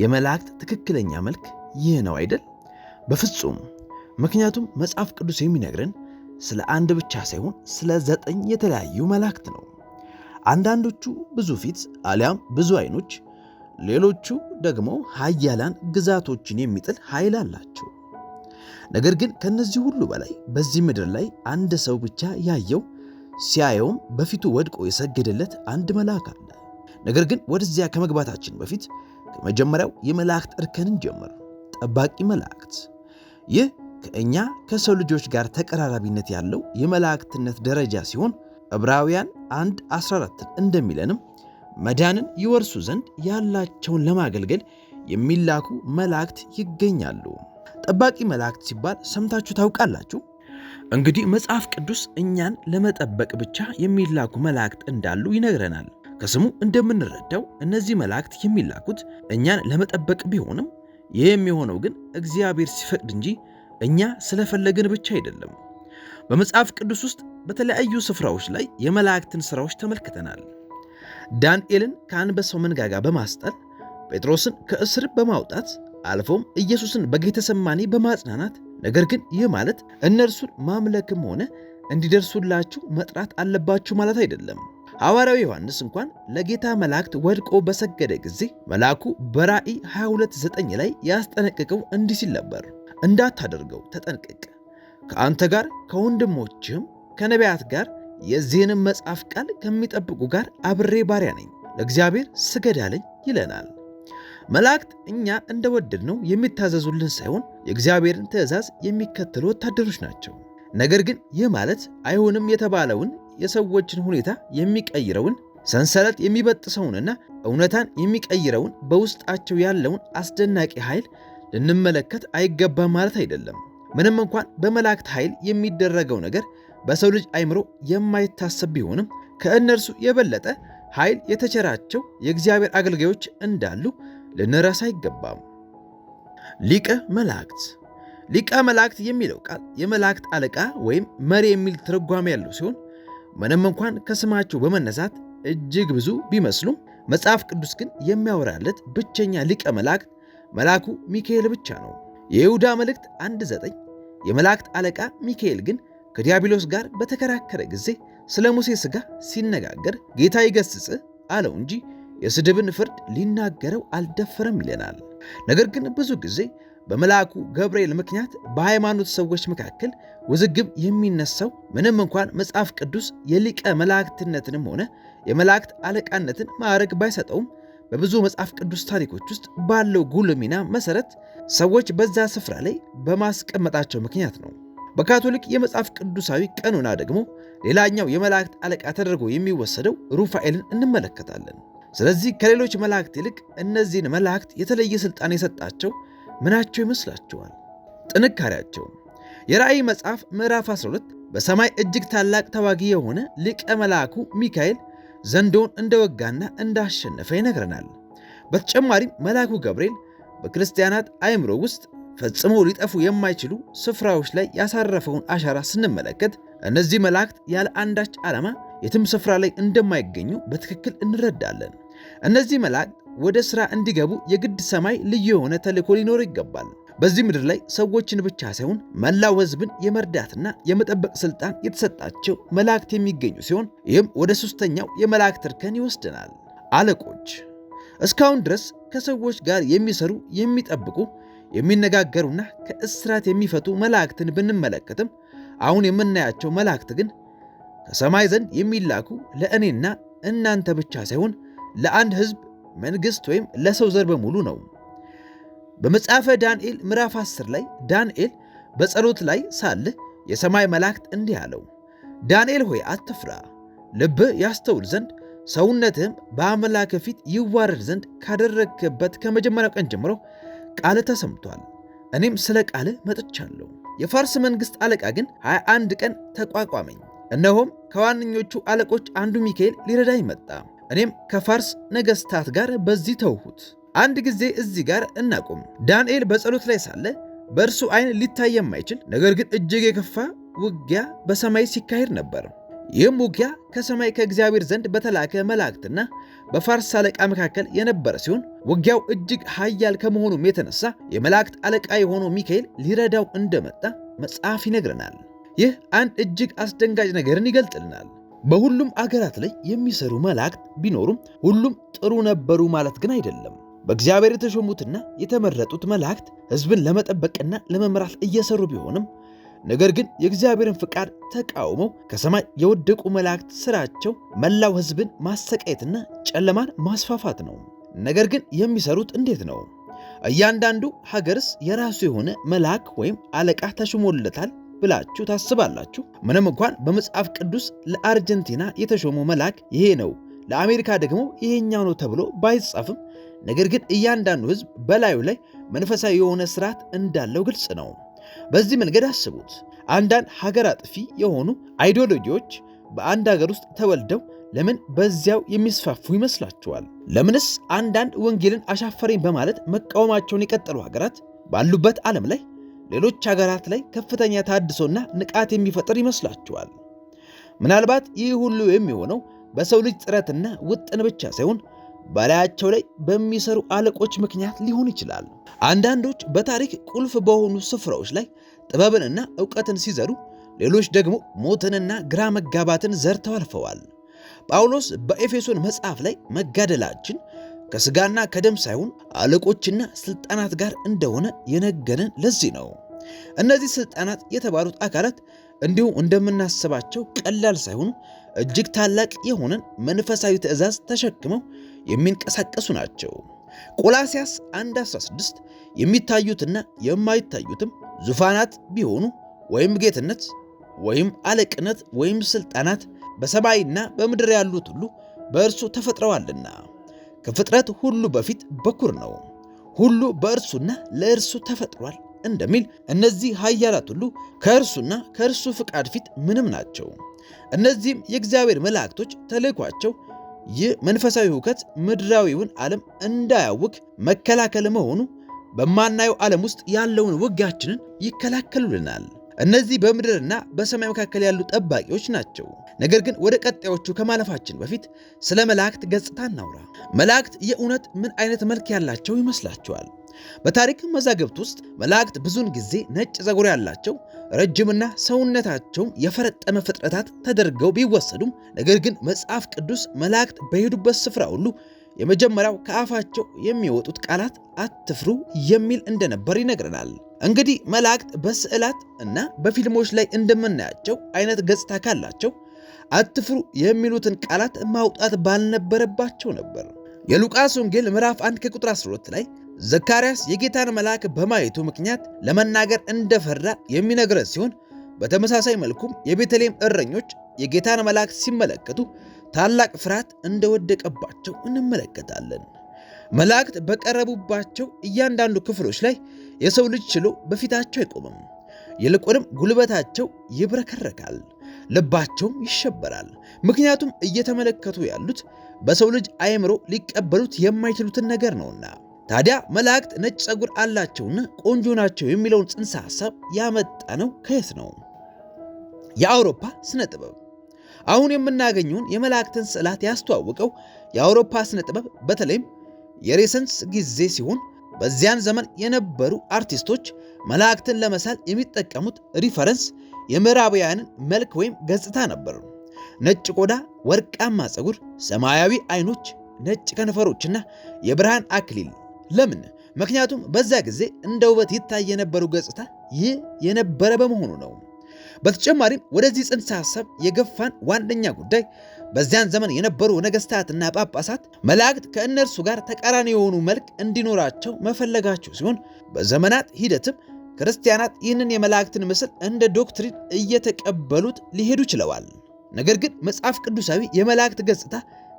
የመላእክት ትክክለኛ መልክ ይህ ነው አይደል? በፍጹም ምክንያቱም መጽሐፍ ቅዱስ የሚነግረን ስለ አንድ ብቻ ሳይሆን ስለ ዘጠኝ የተለያዩ መላእክት ነው። አንዳንዶቹ ብዙ ፊት አሊያም ብዙ አይኖች፣ ሌሎቹ ደግሞ ኃያላን ግዛቶችን የሚጥል ኃይል አላቸው። ነገር ግን ከነዚህ ሁሉ በላይ በዚህ ምድር ላይ አንድ ሰው ብቻ ያየው ሲያየውም በፊቱ ወድቆ የሰገደለት አንድ መልአክ አለ። ነገር ግን ወደዚያ ከመግባታችን በፊት ከመጀመሪያው የመላእክት እርከንን ጀምር ጠባቂ መላእክት። ይህ ከእኛ ከሰው ልጆች ጋር ተቀራራቢነት ያለው የመላእክትነት ደረጃ ሲሆን ዕብራውያን 1 14 እንደሚለንም መዳንን ይወርሱ ዘንድ ያላቸውን ለማገልገል የሚላኩ መላእክት ይገኛሉ። ጠባቂ መላእክት ሲባል ሰምታችሁ ታውቃላችሁ? እንግዲህ መጽሐፍ ቅዱስ እኛን ለመጠበቅ ብቻ የሚላኩ መላእክት እንዳሉ ይነግረናል። ከስሙ እንደምንረዳው እነዚህ መላእክት የሚላኩት እኛን ለመጠበቅ ቢሆንም ይህ የሚሆነው ግን እግዚአብሔር ሲፈቅድ እንጂ እኛ ስለፈለግን ብቻ አይደለም። በመጽሐፍ ቅዱስ ውስጥ በተለያዩ ስፍራዎች ላይ የመላእክትን ሥራዎች ተመልክተናል። ዳንኤልን ከአንበሳው መንጋጋ በማስጣል፣ ጴጥሮስን ከእስር በማውጣት አልፎም ኢየሱስን በጌተሰማኒ በማጽናናት ነገር ግን ይህ ማለት እነርሱን ማምለክም ሆነ እንዲደርሱላችሁ መጥራት አለባችሁ ማለት አይደለም። ሐዋርያው ዮሐንስ እንኳን ለጌታ መላእክት ወድቆ በሰገደ ጊዜ መልአኩ በራእይ 22፥9 ላይ ያስጠነቅቀው እንዲህ ሲል ነበር፣ እንዳታደርገው ተጠንቀቅ፣ ከአንተ ጋር ከወንድሞችም ከነቢያት ጋር የዚህንም መጽሐፍ ቃል ከሚጠብቁ ጋር አብሬ ባሪያ ነኝ፣ ለእግዚአብሔር ስገድ አለኝ ይለናል። መላእክት እኛ እንደወደድነው የሚታዘዙልን ሳይሆን የእግዚአብሔርን ትእዛዝ የሚከተሉ ወታደሮች ናቸው። ነገር ግን ይህ ማለት አይሆንም የተባለውን የሰዎችን ሁኔታ የሚቀይረውን ሰንሰለት የሚበጥሰውንና እውነታን የሚቀይረውን በውስጣቸው ያለውን አስደናቂ ኃይል ልንመለከት አይገባም ማለት አይደለም። ምንም እንኳን በመላእክት ኃይል የሚደረገው ነገር በሰው ልጅ አይምሮ የማይታሰብ ቢሆንም ከእነርሱ የበለጠ ኃይል የተቸራቸው የእግዚአብሔር አገልጋዮች እንዳሉ ልንረሳ አይገባም። ሊቀ መላእክት ሊቀ መላእክት የሚለው ቃል የመላእክት አለቃ ወይም መሪ የሚል ትርጓሜ ያለው ሲሆን ምንም እንኳን ከስማቸው በመነሳት እጅግ ብዙ ቢመስሉም መጽሐፍ ቅዱስ ግን የሚያወራለት ብቸኛ ሊቀ መላእክት መልአኩ ሚካኤል ብቻ ነው። የይሁዳ መልእክት 1፥9 የመላእክት አለቃ ሚካኤል ግን ከዲያብሎስ ጋር በተከራከረ ጊዜ ስለ ሙሴ ሥጋ ሲነጋገር ጌታ ይገስጽህ አለው እንጂ የስድብን ፍርድ ሊናገረው አልደፈረም ይለናል። ነገር ግን ብዙ ጊዜ በመልአኩ ገብርኤል ምክንያት በሃይማኖት ሰዎች መካከል ውዝግብ የሚነሳው ምንም እንኳን መጽሐፍ ቅዱስ የሊቀ መላእክትነትንም ሆነ የመላእክት አለቃነትን ማዕረግ ባይሰጠውም በብዙ መጽሐፍ ቅዱስ ታሪኮች ውስጥ ባለው ጉልህ ሚና መሰረት ሰዎች በዛ ስፍራ ላይ በማስቀመጣቸው ምክንያት ነው። በካቶሊክ የመጽሐፍ ቅዱሳዊ ቀኖና ደግሞ ሌላኛው የመላእክት አለቃ ተደርጎ የሚወሰደው ሩፋኤልን እንመለከታለን። ስለዚህ ከሌሎች መላእክት ይልቅ እነዚህን መላእክት የተለየ ሥልጣን የሰጣቸው ምናቸው ይመስላችኋል? ጥንካሬያቸው። የራእይ መጽሐፍ ምዕራፍ 12 በሰማይ እጅግ ታላቅ ተዋጊ የሆነ ሊቀ መልአኩ ሚካኤል ዘንዶውን እንደወጋና እንዳሸነፈ ይነግረናል። በተጨማሪም መልአኩ ገብርኤል በክርስቲያናት አእምሮ ውስጥ ፈጽሞ ሊጠፉ የማይችሉ ስፍራዎች ላይ ያሳረፈውን አሻራ ስንመለከት እነዚህ መላእክት ያለ አንዳች ዓላማ የትም ስፍራ ላይ እንደማይገኙ በትክክል እንረዳለን። እነዚህ መላእክት ወደ ሥራ እንዲገቡ የግድ ሰማይ ልዩ የሆነ ተልእኮ ሊኖር ይገባል። በዚህ ምድር ላይ ሰዎችን ብቻ ሳይሆን መላው ሕዝብን የመርዳትና የመጠበቅ ሥልጣን የተሰጣቸው መላእክት የሚገኙ ሲሆን ይህም ወደ ሦስተኛው የመላእክት እርከን ይወስደናል። አለቆች እስካሁን ድረስ ከሰዎች ጋር የሚሰሩ የሚጠብቁ፣ የሚነጋገሩና ከእስራት የሚፈቱ መላእክትን ብንመለከትም አሁን የምናያቸው መላእክት ግን ከሰማይ ዘንድ የሚላኩ ለእኔና እናንተ ብቻ ሳይሆን ለአንድ ሕዝብ መንግሥት ወይም ለሰው ዘር በሙሉ ነው። በመጽሐፈ ዳንኤል ምዕራፍ 10 ላይ ዳንኤል በጸሎት ላይ ሳለ የሰማይ መላእክት እንዲህ አለው፣ ዳንኤል ሆይ አትፍራ፣ ልብህ ያስተውል ዘንድ ሰውነትህም በአምላክ ፊት ይዋረድ ዘንድ ካደረግህበት ከመጀመሪያው ቀን ጀምሮ ቃል ተሰምቷል። እኔም ስለ ቃል መጥቻለሁ። የፋርስ መንግሥት አለቃ ግን 21 ቀን ተቋቋመኝ። እነሆም ከዋነኞቹ አለቆች አንዱ ሚካኤል ሊረዳኝ መጣ። እኔም ከፋርስ ነገሥታት ጋር በዚህ ተውሁት። አንድ ጊዜ እዚህ ጋር እናቁም። ዳንኤል በጸሎት ላይ ሳለ በእርሱ ዓይን ሊታይ የማይችል ነገር ግን እጅግ የከፋ ውጊያ በሰማይ ሲካሄድ ነበር። ይህም ውጊያ ከሰማይ ከእግዚአብሔር ዘንድ በተላከ መላእክትና በፋርስ አለቃ መካከል የነበረ ሲሆን ውጊያው እጅግ ኃያል ከመሆኑም የተነሳ የመላእክት አለቃ የሆነው ሚካኤል ሊረዳው እንደመጣ መጽሐፍ ይነግረናል። ይህ አንድ እጅግ አስደንጋጭ ነገርን ይገልጥልናል። በሁሉም አገራት ላይ የሚሰሩ መላእክት ቢኖሩም ሁሉም ጥሩ ነበሩ ማለት ግን አይደለም። በእግዚአብሔር የተሾሙትና የተመረጡት መላእክት ሕዝብን ለመጠበቅና ለመምራት እየሰሩ ቢሆንም ነገር ግን የእግዚአብሔርን ፍቃድ ተቃውመው ከሰማይ የወደቁ መላእክት ስራቸው መላው ሕዝብን ማሰቃየትና ጨለማን ማስፋፋት ነው። ነገር ግን የሚሰሩት እንዴት ነው? እያንዳንዱ ሀገርስ የራሱ የሆነ መልአክ ወይም አለቃ ተሾሞለታል ብላችሁ ታስባላችሁ? ምንም እንኳን በመጽሐፍ ቅዱስ ለአርጀንቲና የተሾመው መልአክ ይሄ ነው፣ ለአሜሪካ ደግሞ ይሄኛው ነው ተብሎ ባይጻፍም፣ ነገር ግን እያንዳንዱ ሕዝብ በላዩ ላይ መንፈሳዊ የሆነ ስርዓት እንዳለው ግልጽ ነው። በዚህ መንገድ አስቡት። አንዳንድ ሀገር አጥፊ የሆኑ አይዲዮሎጂዎች በአንድ ሀገር ውስጥ ተወልደው ለምን በዚያው የሚስፋፉ ይመስላችኋል? ለምንስ አንዳንድ ወንጌልን አሻፈረኝ በማለት መቃወማቸውን የቀጠሉ ሀገራት ባሉበት ዓለም ላይ ሌሎች ሀገራት ላይ ከፍተኛ ታድሶና ንቃት የሚፈጥር ይመስላችኋል? ምናልባት ይህ ሁሉ የሚሆነው በሰው ልጅ ጥረትና ውጥን ብቻ ሳይሆን በላያቸው ላይ በሚሰሩ አለቆች ምክንያት ሊሆን ይችላል። አንዳንዶች በታሪክ ቁልፍ በሆኑ ስፍራዎች ላይ ጥበብንና እውቀትን ሲዘሩ፣ ሌሎች ደግሞ ሞትንና ግራ መጋባትን ዘርተው አልፈዋል። ጳውሎስ በኤፌሶን መጽሐፍ ላይ መጋደላችን ከስጋና ከደም ሳይሆን አለቆችና ስልጣናት ጋር እንደሆነ የነገረን ለዚህ ነው። እነዚህ ስልጣናት የተባሉት አካላት እንዲሁ እንደምናስባቸው ቀላል ሳይሆኑ እጅግ ታላቅ የሆነን መንፈሳዊ ትእዛዝ ተሸክመው የሚንቀሳቀሱ ናቸው። ቆላሲያስ 1:16 የሚታዩትና የማይታዩትም ዙፋናት ቢሆኑ ወይም ጌትነት ወይም አለቅነት ወይም ስልጣናት በሰማይና በምድር ያሉት ሁሉ በእርሱ ተፈጥረዋልና ከፍጥረት ሁሉ በፊት በኩር ነው፣ ሁሉ በእርሱና ለእርሱ ተፈጥሯል እንደሚል እነዚህ ኃያላት ሁሉ ከእርሱና ከእርሱ ፍቃድ ፊት ምንም ናቸው። እነዚህም የእግዚአብሔር መላእክቶች ተልእኳቸው ይህ መንፈሳዊ ሁከት ምድራዊውን ዓለም እንዳያውክ መከላከል መሆኑ በማናየው ዓለም ውስጥ ያለውን ውጊያችንን ይከላከሉልናል። እነዚህ በምድርና በሰማይ መካከል ያሉ ጠባቂዎች ናቸው። ነገር ግን ወደ ቀጣዮቹ ከማለፋችን በፊት ስለ መላእክት ገጽታ እናውራ። መላእክት የእውነት ምን አይነት መልክ ያላቸው ይመስላችኋል? በታሪክ መዛግብት ውስጥ መላእክት ብዙውን ጊዜ ነጭ ፀጉር ያላቸው ረጅምና ሰውነታቸውም የፈረጠመ ፍጥረታት ተደርገው ቢወሰዱም ነገር ግን መጽሐፍ ቅዱስ መላእክት በሄዱበት ስፍራ ሁሉ የመጀመሪያው ከአፋቸው የሚወጡት ቃላት አትፍሩ የሚል እንደነበር ይነግረናል። እንግዲህ መላእክት በስዕላት እና በፊልሞች ላይ እንደምናያቸው አይነት ገጽታ ካላቸው አትፍሩ የሚሉትን ቃላት ማውጣት ባልነበረባቸው ነበር። የሉቃስ ወንጌል ምዕራፍ 1 ከቁጥር 12 ላይ ዘካርያስ የጌታን መልአክ በማየቱ ምክንያት ለመናገር እንደፈራ የሚነግረ ሲሆን በተመሳሳይ መልኩም የቤተልሔም እረኞች የጌታን መልአክ ሲመለከቱ ታላቅ ፍርሃት እንደወደቀባቸው እንመለከታለን። መላእክት በቀረቡባቸው እያንዳንዱ ክፍሎች ላይ የሰው ልጅ ችሎ በፊታቸው አይቆምም። ይልቁንም ጉልበታቸው ይብረከረካል፣ ልባቸውም ይሸበራል። ምክንያቱም እየተመለከቱ ያሉት በሰው ልጅ አእምሮ ሊቀበሉት የማይችሉትን ነገር ነውና። ታዲያ መላእክት ነጭ ጸጉር አላቸውና ቆንጆ ናቸው የሚለውን ጽንሰ ሐሳብ ያመጣ ነው ከየት ነው? የአውሮፓ ስነ ጥበብ አሁን የምናገኘውን የመላእክትን ስዕላት ያስተዋወቀው የአውሮፓ ስነ ጥበብ በተለይም የሬሰንስ ጊዜ ሲሆን በዚያን ዘመን የነበሩ አርቲስቶች መላእክትን ለመሳል የሚጠቀሙት ሪፈረንስ የምዕራባውያንን መልክ ወይም ገጽታ ነበር። ነጭ ቆዳ፣ ወርቃማ ፀጉር፣ ሰማያዊ አይኖች፣ ነጭ ከንፈሮችና የብርሃን አክሊል። ለምን? ምክንያቱም በዛ ጊዜ እንደ ውበት ይታይ የነበረው ገጽታ ይህ የነበረ በመሆኑ ነው። በተጨማሪም ወደዚህ ጽንሰ ሐሳብ የገፋን ዋነኛ ጉዳይ በዚያን ዘመን የነበሩ ነገስታትና ጳጳሳት መላእክት ከእነርሱ ጋር ተቃራኒ የሆኑ መልክ እንዲኖራቸው መፈለጋቸው ሲሆን በዘመናት ሂደትም ክርስቲያናት ይህንን የመላእክትን ምስል እንደ ዶክትሪን እየተቀበሉት ሊሄዱ ችለዋል። ነገር ግን መጽሐፍ ቅዱሳዊ የመላእክት ገጽታ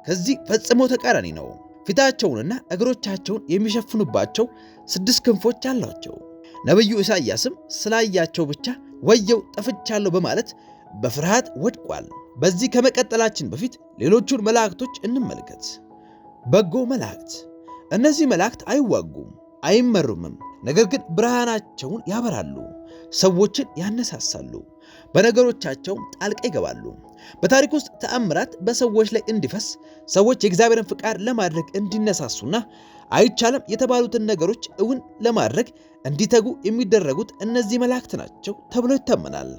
ከዚህ ፈጽሞ ተቃራኒ ነው። ፊታቸውንና እግሮቻቸውን የሚሸፍኑባቸው ስድስት ክንፎች አሏቸው። ነቢዩ ኢሳይያስም ስላያቸው ብቻ ወየው ጠፍቻለሁ በማለት በፍርሃት ወድቋል። በዚህ ከመቀጠላችን በፊት ሌሎቹን መላእክቶች እንመልከት። በጎ መላእክት። እነዚህ መላእክት አይዋጉም፣ አይመሩምም። ነገር ግን ብርሃናቸውን ያበራሉ፣ ሰዎችን ያነሳሳሉ፣ በነገሮቻቸውም ጣልቃ ይገባሉ። በታሪክ ውስጥ ተአምራት በሰዎች ላይ እንዲፈስ፣ ሰዎች የእግዚአብሔርን ፍቃድ ለማድረግ እንዲነሳሱና አይቻልም የተባሉትን ነገሮች እውን ለማድረግ እንዲተጉ የሚደረጉት እነዚህ መላእክት ናቸው ተብሎ ይታመናል።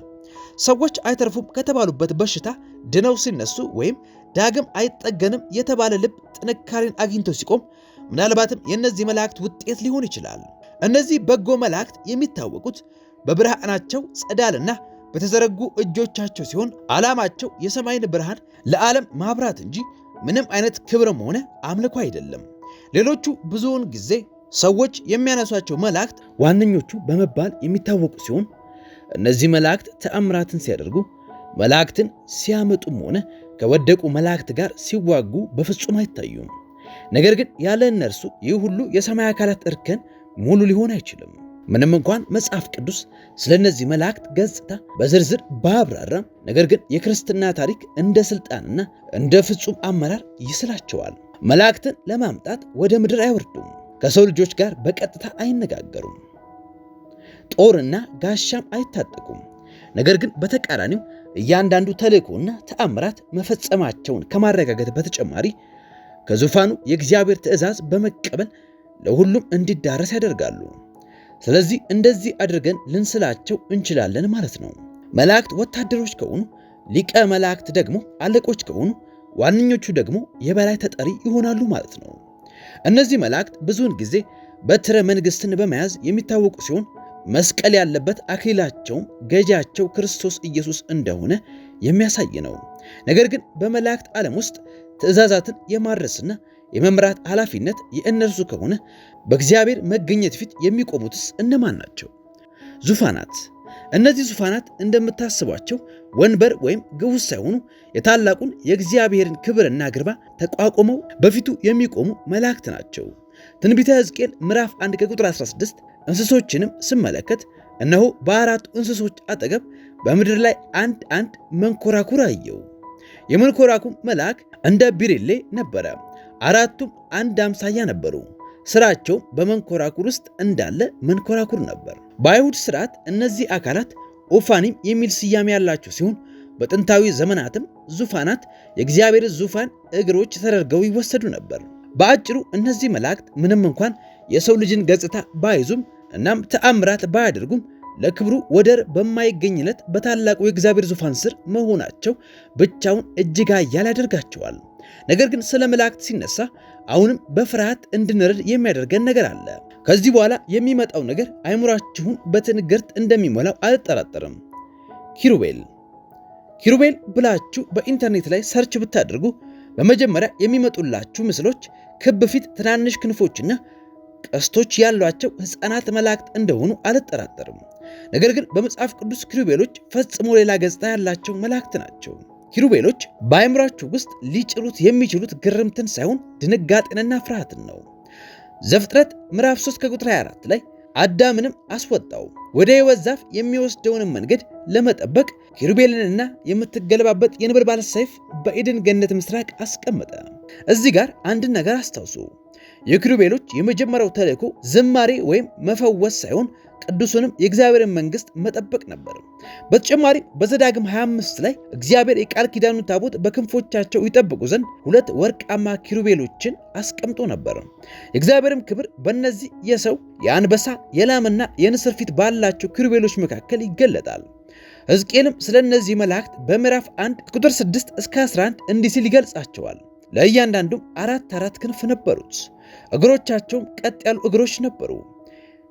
ሰዎች አይተርፉም ከተባሉበት በሽታ ድነው ሲነሱ ወይም ዳግም አይጠገንም የተባለ ልብ ጥንካሬን አግኝቶ ሲቆም ምናልባትም የእነዚህ መላእክት ውጤት ሊሆን ይችላል። እነዚህ በጎ መላእክት የሚታወቁት በብርሃናቸው ጸዳልና በተዘረጉ እጆቻቸው ሲሆን ዓላማቸው የሰማይን ብርሃን ለዓለም ማብራት እንጂ ምንም አይነት ክብርም ሆነ አምልኮ አይደለም። ሌሎቹ ብዙውን ጊዜ ሰዎች የሚያነሷቸው መላእክት ዋነኞቹ በመባል የሚታወቁ ሲሆን እነዚህ መላእክት ተአምራትን ሲያደርጉ፣ መላእክትን ሲያመጡም ሆነ ከወደቁ መላእክት ጋር ሲዋጉ በፍጹም አይታዩም። ነገር ግን ያለ እነርሱ ይህ ሁሉ የሰማይ አካላት እርከን ሙሉ ሊሆን አይችልም። ምንም እንኳን መጽሐፍ ቅዱስ ስለ እነዚህ መላእክት ገጽታ በዝርዝር ባያብራራም፣ ነገር ግን የክርስትና ታሪክ እንደ ስልጣንና እንደ ፍጹም አመራር ይስላቸዋል። መላእክትን ለማምጣት ወደ ምድር አይወርዱም። ከሰው ልጆች ጋር በቀጥታ አይነጋገሩም። ጦርና ጋሻም አይታጠቁም። ነገር ግን በተቃራኒው እያንዳንዱ ተልእኮና ተአምራት መፈጸማቸውን ከማረጋገጥ በተጨማሪ ከዙፋኑ የእግዚአብሔር ትእዛዝ በመቀበል ለሁሉም እንዲዳረስ ያደርጋሉ። ስለዚህ እንደዚህ አድርገን ልንስላቸው እንችላለን ማለት ነው። መላእክት ወታደሮች ከሆኑ፣ ሊቀ መላእክት ደግሞ አለቆች ከሆኑ፣ ዋነኞቹ ደግሞ የበላይ ተጠሪ ይሆናሉ ማለት ነው። እነዚህ መላእክት ብዙውን ጊዜ በትረ መንግስትን በመያዝ የሚታወቁ ሲሆን መስቀል ያለበት አክሊላቸውም ገዣቸው ክርስቶስ ኢየሱስ እንደሆነ የሚያሳይ ነው። ነገር ግን በመላእክት ዓለም ውስጥ ትእዛዛትን የማድረስና የመምራት ኃላፊነት የእነርሱ ከሆነ በእግዚአብሔር መገኘት ፊት የሚቆሙትስ እነማን ናቸው? ዙፋናት። እነዚህ ዙፋናት እንደምታስቧቸው ወንበር ወይም ግውስ ሳይሆኑ የታላቁን የእግዚአብሔርን ክብርና ግርማ ተቋቁመው በፊቱ የሚቆሙ መላእክት ናቸው። ትንቢተ ሕዝቅኤል ምዕራፍ 1 ከቁጥር 16 እንስሶችንም ስመለከት እነሆ በአራቱ እንስሶች አጠገብ በምድር ላይ አንድ አንድ መንኮራኩር አየው የመንኮራኩር መልአክ እንደ ቢሬሌ ነበረ። አራቱም አንድ አምሳያ ነበሩ። ስራቸው በመንኮራኩር ውስጥ እንዳለ መንኮራኩር ነበር። በአይሁድ ስርዓት እነዚህ አካላት ኡፋኒም የሚል ስያሜ ያላቸው ሲሆን በጥንታዊ ዘመናትም ዙፋናት የእግዚአብሔር ዙፋን እግሮች ተደርገው ይወሰዱ ነበር። በአጭሩ እነዚህ መላእክት ምንም እንኳን የሰው ልጅን ገጽታ ባይዙም እናም ተአምራት ባያደርጉም ለክብሩ ወደር በማይገኝለት በታላቁ የእግዚአብሔር ዙፋን ስር መሆናቸው ብቻውን እጅግ ኃያል ያደርጋቸዋል። ነገር ግን ስለ መላእክት ሲነሳ አሁንም በፍርሃት እንድንረድ የሚያደርገን ነገር አለ። ከዚህ በኋላ የሚመጣው ነገር አይምሯችሁን በትንግርት እንደሚሞላው አልጠራጠርም። ኪሩቤል ኪሩቤል ብላችሁ በኢንተርኔት ላይ ሰርች ብታደርጉ በመጀመሪያ የሚመጡላችሁ ምስሎች ክብ ፊት፣ ትናንሽ ክንፎችና ቀስቶች ያሏቸው ሕፃናት መላእክት እንደሆኑ አልጠራጠርም። ነገር ግን በመጽሐፍ ቅዱስ ኪሩቤሎች ፈጽሞ ሌላ ገጽታ ያላቸው መላእክት ናቸው። ኪሩቤሎች በአእምሯችሁ ውስጥ ሊጭሩት የሚችሉት ግርምትን ሳይሆን ድንጋጤንና ፍርሃትን ነው። ዘፍጥረት ምዕራፍ 3 ከቁጥር 24 ላይ አዳምንም አስወጣው ወደ ሕይወት ዛፍ የሚወስደውንም መንገድ ለመጠበቅ ኪሩቤልንና የምትገለባበት የነበልባል ሰይፍ በኤድን ገነት ምስራቅ አስቀመጠ። እዚህ ጋር አንድን ነገር አስታውሱ። የኪሩቤሎች የመጀመሪያው ተልእኮ ዝማሬ ወይም መፈወስ ሳይሆን ቅዱሱንም የእግዚአብሔርን መንግስት መጠበቅ ነበር። በተጨማሪ በዘዳግም 25 ላይ እግዚአብሔር የቃል ኪዳኑን ታቦት በክንፎቻቸው ይጠብቁ ዘንድ ሁለት ወርቃማ ኪሩቤሎችን አስቀምጦ ነበር። የእግዚአብሔርም ክብር በእነዚህ የሰው የአንበሳ የላምና የንስር ፊት ባላቸው ኪሩቤሎች መካከል ይገለጣል። ሕዝቅኤልም ስለ እነዚህ መላእክት በምዕራፍ 1 ቁጥር 6 እስከ 11 እንዲህ ሲል ይገልጻቸዋል። ለእያንዳንዱም አራት አራት ክንፍ ነበሩት እግሮቻቸውም ቀጥ ያሉ እግሮች ነበሩ።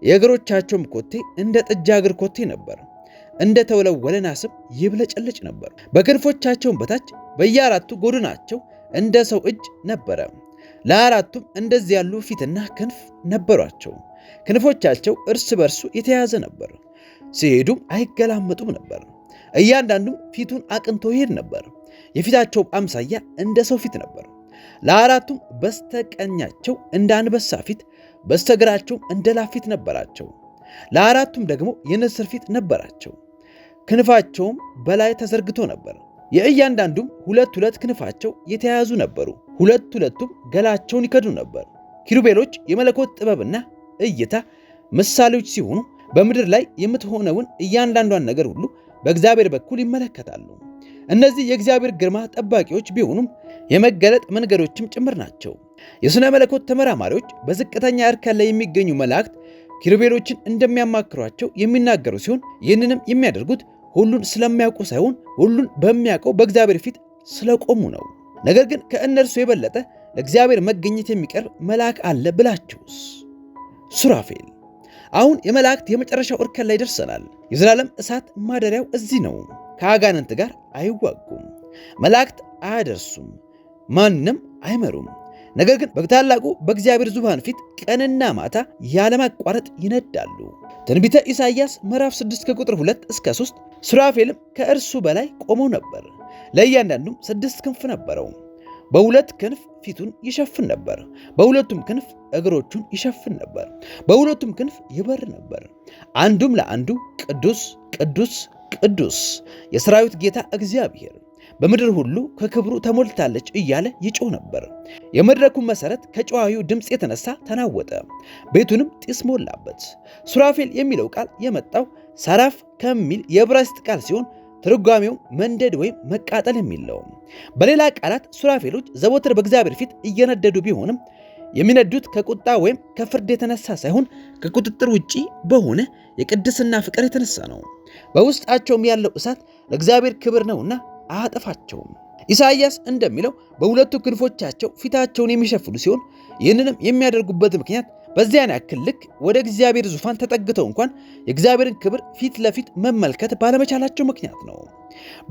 የእግሮቻቸውም ኮቴ እንደ ጥጃ እግር ኮቴ ነበር። እንደ ተወለወለ ናስም ይብለጨለጭ ነበር። በክንፎቻቸውም በታች በየአራቱ ጎድናቸው እንደ ሰው እጅ ነበረ። ለአራቱም እንደዚህ ያሉ ፊትና ክንፍ ነበሯቸው። ክንፎቻቸው እርስ በርሱ የተያያዘ ነበር። ሲሄዱም አይገላመጡም ነበር። እያንዳንዱም ፊቱን አቅንቶ ይሄድ ነበር። የፊታቸውም አምሳያ እንደ ሰው ፊት ነበር። ለአራቱም በስተቀኛቸው እንደ አንበሳ ፊት፣ በስተግራቸውም እንደ ላም ፊት ነበራቸው። ለአራቱም ደግሞ የንስር ፊት ነበራቸው። ክንፋቸውም በላይ ተዘርግቶ ነበር። የእያንዳንዱም ሁለት ሁለት ክንፋቸው የተያያዙ ነበሩ። ሁለት ሁለቱም ገላቸውን ይከዱ ነበር። ኪሩቤሎች የመለኮት ጥበብና እይታ ምሳሌዎች ሲሆኑ በምድር ላይ የምትሆነውን እያንዳንዷን ነገር ሁሉ በእግዚአብሔር በኩል ይመለከታሉ። እነዚህ የእግዚአብሔር ግርማ ጠባቂዎች ቢሆኑም የመገለጥ መንገዶችም ጭምር ናቸው። የሥነ መለኮት ተመራማሪዎች በዝቅተኛ እርከን ላይ የሚገኙ መላእክት ኪሩቤሎችን እንደሚያማክሯቸው የሚናገሩ ሲሆን ይህንንም የሚያደርጉት ሁሉን ስለሚያውቁ ሳይሆን ሁሉን በሚያውቀው በእግዚአብሔር ፊት ስለቆሙ ነው። ነገር ግን ከእነርሱ የበለጠ ለእግዚአብሔር መገኘት የሚቀርብ መልአክ አለ ብላችሁስ? ሱራፌል። አሁን የመላእክት የመጨረሻው እርከን ላይ ደርሰናል። የዘላለም እሳት ማደሪያው እዚህ ነው። ከአጋንንት ጋር አይዋጉም፣ መላእክት አያደርሱም፣ ማንም አይመሩም። ነገር ግን በታላቁ በእግዚአብሔር ዙፋን ፊት ቀንና ማታ ያለማቋረጥ ይነዳሉ። ትንቢተ ኢሳይያስ ምዕራፍ 6 ከቁጥር 2 እስከ 3። ሱራፌልም ከእርሱ በላይ ቆመው ነበር፣ ለእያንዳንዱም ስድስት ክንፍ ነበረው። በሁለት ክንፍ ፊቱን ይሸፍን ነበር፣ በሁለቱም ክንፍ እግሮቹን ይሸፍን ነበር፣ በሁለቱም ክንፍ ይበር ነበር። አንዱም ለአንዱ ቅዱስ ቅዱስ ቅዱስ የሰራዊት ጌታ እግዚአብሔር በምድር ሁሉ ከክብሩ ተሞልታለች እያለ ይጮህ ነበር። የመድረኩ መሠረት ከጨዋዩ ድምፅ የተነሳ ተናወጠ፣ ቤቱንም ጢስ ሞላበት። ሱራፌል የሚለው ቃል የመጣው ሰራፍ ከሚል የዕብራይስጥ ቃል ሲሆን ትርጓሜው መንደድ ወይም መቃጠል የሚለው። በሌላ ቃላት ሱራፌሎች ዘወትር በእግዚአብሔር ፊት እየነደዱ ቢሆንም የሚነዱት ከቁጣ ወይም ከፍርድ የተነሳ ሳይሆን ከቁጥጥር ውጪ በሆነ የቅድስና ፍቅር የተነሳ ነው። በውስጣቸውም ያለው እሳት ለእግዚአብሔር ክብር ነውና አያጠፋቸውም። ኢሳይያስ እንደሚለው በሁለቱ ክንፎቻቸው ፊታቸውን የሚሸፍኑ ሲሆን ይህንንም የሚያደርጉበት ምክንያት በዚያን ያክል ልክ ወደ እግዚአብሔር ዙፋን ተጠግተው እንኳን የእግዚአብሔርን ክብር ፊት ለፊት መመልከት ባለመቻላቸው ምክንያት ነው።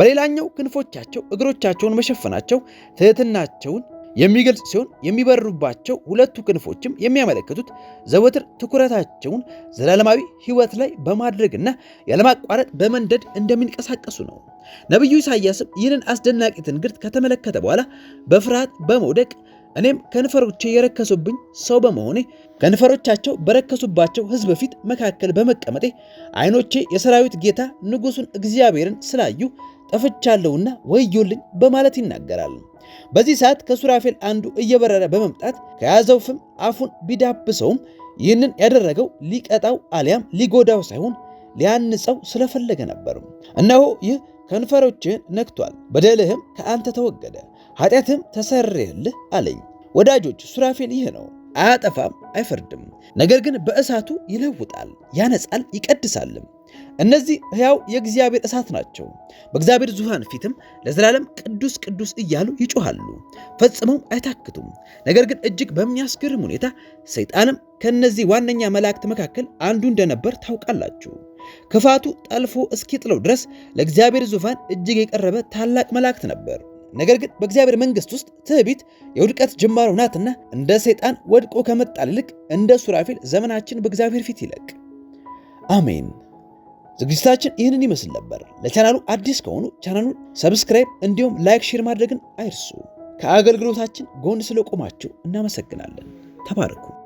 በሌላኛው ክንፎቻቸው እግሮቻቸውን መሸፈናቸው ትህትናቸውን የሚገልጽ ሲሆን የሚበሩባቸው ሁለቱ ክንፎችም የሚያመለክቱት ዘወትር ትኩረታቸውን ዘላለማዊ ሕይወት ላይ በማድረግና ያለማቋረጥ በመንደድ እንደሚንቀሳቀሱ ነው። ነቢዩ ኢሳያስም ይህንን አስደናቂ ትንግርት ከተመለከተ በኋላ በፍርሃት በመውደቅ እኔም ከንፈሮቼ የረከሱብኝ ሰው በመሆኔ ከንፈሮቻቸው በረከሱባቸው ሕዝብ ፊት መካከል በመቀመጤ ዓይኖቼ የሰራዊት ጌታ ንጉሡን እግዚአብሔርን ስላዩ ጠፍቻለሁና ወዮልኝ በማለት ይናገራል። በዚህ ሰዓት ከሱራፌል አንዱ እየበረረ በመምጣት ከያዘው ፍም አፉን ቢዳብሰውም ይህንን ያደረገው ሊቀጣው አሊያም ሊጎዳው ሳይሆን ሊያንጸው ስለፈለገ ነበር። እነሆ ይህ ከንፈሮችህን ነክቷል፣ በደልህም ከአንተ ተወገደ፣ ኃጢአትህም ተሰረየልህ አለኝ። ወዳጆች ሱራፌል ይህ ነው። አያጠፋም፣ አይፈርድም። ነገር ግን በእሳቱ ይለውጣል፣ ያነጻል፣ ይቀድሳልም። እነዚህ ሕያው የእግዚአብሔር እሳት ናቸው። በእግዚአብሔር ዙፋን ፊትም ለዘላለም ቅዱስ ቅዱስ እያሉ ይጮሃሉ፣ ፈጽመውም አይታክቱም። ነገር ግን እጅግ በሚያስገርም ሁኔታ ሰይጣንም ከእነዚህ ዋነኛ መላእክት መካከል አንዱ እንደነበር ታውቃላችሁ። ክፋቱ ጠልፎ እስኪጥለው ድረስ ለእግዚአብሔር ዙፋን እጅግ የቀረበ ታላቅ መላእክት ነበር። ነገር ግን በእግዚአብሔር መንግሥት ውስጥ ትዕቢት የውድቀት ጅማሮ ናትና እንደ ሰይጣን ወድቆ ከመጣል ይልቅ እንደ ሱራፌል ዘመናችን በእግዚአብሔር ፊት ይለቅ። አሜን። ዝግጅታችን ይህንን ይመስል ነበር። ለቻናሉ አዲስ ከሆኑ ቻናሉን ሰብስክራይብ እንዲሁም ላይክ፣ ሼር ማድረግን አይርሱ። ከአገልግሎታችን ጎን ስለቆማችሁ እናመሰግናለን። ተባረኩ።